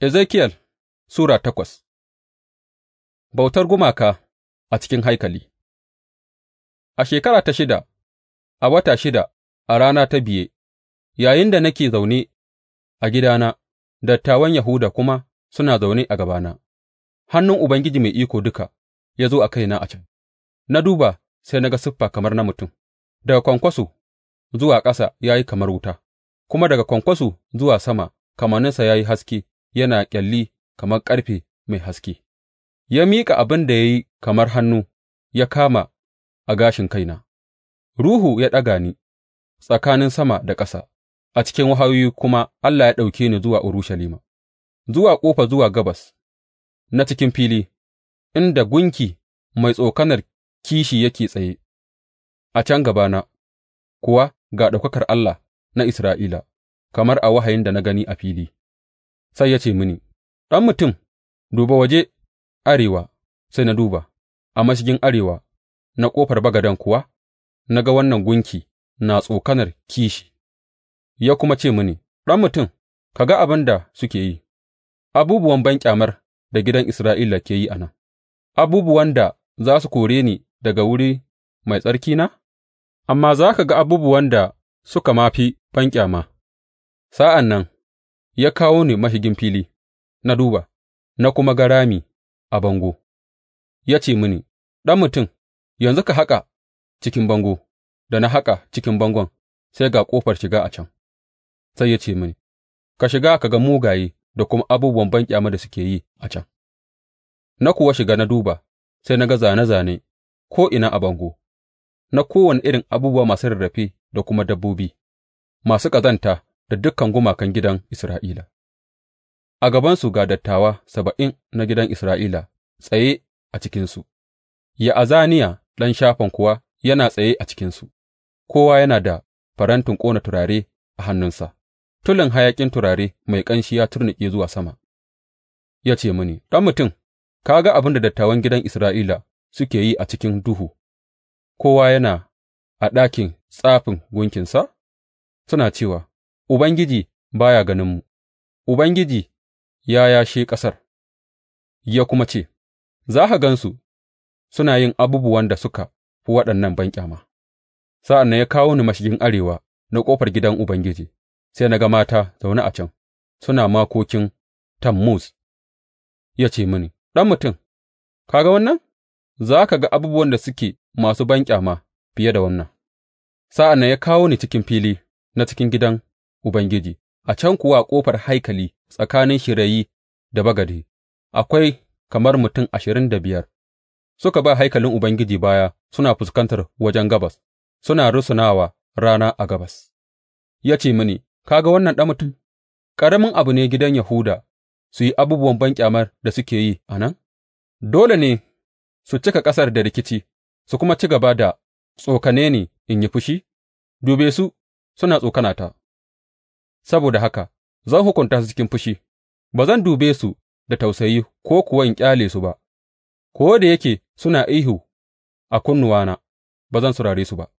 Ezekiyel Sura takwas Bautar gumaka a cikin haikali A shekara ta shida, a wata shida a rana ta biye, yayin da nake zaune a gidana, dattawan Yahuda kuma suna zaune a gabana, hannun Ubangiji Mai Iko Duka ya zo a kaina a can, na duba sai na ga siffa kamar na mutum, daga kwankwaso zuwa ƙasa ya yi kamar wuta, kuma daga kwankwaso zuwa sama kamanninsa ya yi haske yana ƙyalli kamar ƙarfe mai haske, ya miƙa abin da ya yi kamar hannu ya kama a gashin kaina, ruhu ya ɗaga ni tsakanin sama da ƙasa, a cikin wahayoyi kuma Allah ya ɗauke ni zuwa Urushalima, zuwa ƙofa zuwa gabas na cikin fili, inda gunki mai tsokanar kishi yake tsaye, a can gabana kuwa ga ɗaukakar Allah na Isra'ila, kamar a wahayin da na gani a fili. Sai ya ce mini, Ɗan mutum, duba waje arewa, sai na duba, a mashigin arewa na ƙofar bagaden kuwa na ga wannan gunki na tsokanar kishi, ya kuma ce mini, Ɗan mutum, ka ga abin da suke yi, abubuwan banƙyamar da gidan Isra'ila ke yi a nan, abubuwan da za su kore ni daga wuri mai tsarki na? Amma za ka ga abubuwan da suka mafi banƙyama. Sa'an nan Ya kawo ni mashigin fili, na duba, na kuma ga rami a bango; ya ce mini, Ɗan mutum, yanzu ka haƙa cikin bango, da na haƙa cikin bangon, sai ga ƙofar shiga a can, sai ya ce mini, Ka shiga ka ga mugaye da kuma abubuwan banƙyamar da suke yi a can, na kuwa shiga na duba, sai na ga zane-zane ko'ina a bango, na kowane irin abubuwa masu rarrafe da kuma dabbobi, masu ƙazanta da dukan gumakan gidan Isra'ila, a gabansu ga dattawa saba'in na gidan Isra'ila tsaye a cikinsu, Ya'azaniya ɗan Shafan kuwa yana tsaye a cikinsu, kowa yana da farantin ƙona turare a hannunsa, tulin hayaƙin turare mai ƙanshi ya turnuƙe zuwa sama. Ya ce mini, Ɗan mutum, ka ga abin da dattawan gidan Isra'ila suke yi a cikin duhu, kowa yana a ɗakin tsafin gunkinsa? Suna cewa, Ubangiji ba ya ganinmu; Ubangiji ya yashe ƙasar ya kuma ce, Za ka gan su suna yin abubuwan da suka fi waɗannan banƙyama. Sa'an nan ya kawo ni mashigin arewa na ƙofar gidan Ubangiji, sai na ga mata zaune a can suna makokin Tammuz, ya ce mini, Ɗan mutum, ka ga wannan? Za ka ga abubuwan da suke masu banƙyama fiye da wannan. Sa'an nan ya kawo ni cikin fili na cikin gidan Ubangiji, a can kuwa a ƙofar haikali tsakanin shirayi da bagade, akwai kamar mutum ashirin da biyar, suka ba haikalin Ubangiji baya suna fuskantar wajen gabas, suna rusunawa rana a gabas. Ya ce mini, Ka ga wannan ɗan mutum, ƙaramin abu ne gidan Yahuda su yi abubuwan banƙyamar da suke yi a nan? Dole ne su cika ƙasar da rikici, su kuma ci gaba da tsokane ni in yi fushi? Dube su, suna tsokanata. Saboda haka zan hukunta su cikin fushi; ba zan dube su da tausayi ko kuwa in ƙyale su ba, ko da yake suna ihu a kunnuwana, ba zan saurare su ba.